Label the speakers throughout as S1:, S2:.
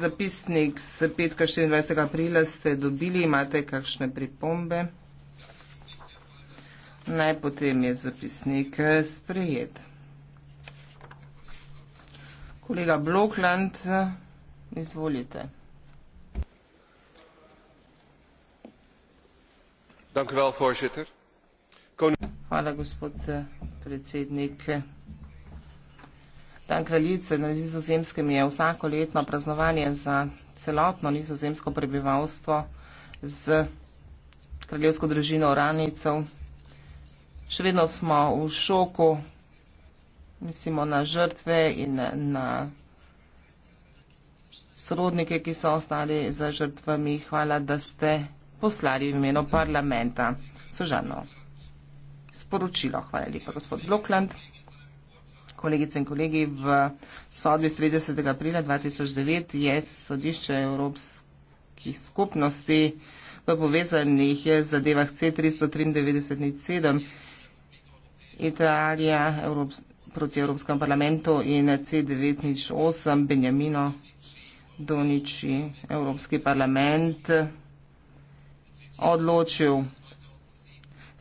S1: Zapisnik z petka 24. aprila ste dobili, imate kakšne pripombe? Naj potem je zapisnik eh, sprejet. Kolega Blokland, eh, izvolite. Hvala, gospod eh, predsednik. Dan kraljice na nizozemskem je vsako letno praznovanje za celotno nizozemsko prebivalstvo z kraljevsko družino Oranicev. Še vedno smo v šoku, mislimo na žrtve in na sorodnike, ki so ostali za žrtvami. Hvala, da ste poslali v imeno parlamenta. Sožano, sporočilo, hvala lepa, gospod Blokland kolegice in kolegi, v sodbi z 30. aprila 2009 je sodišče Evropskih skupnosti v povezanih zadevah C-393-7 Italija Evrop, proti Evropskem parlamentu in C-98 Benjamino Doniči Evropski parlament odločil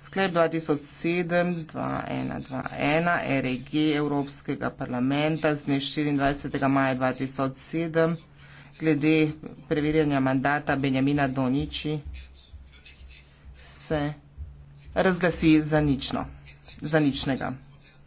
S1: Sklep 2007-2121 REG Evropskega parlamenta z dne 24. maja 2007 glede preverjanja mandata Benjamina Doniči se razglasi za, nično, za ničnega.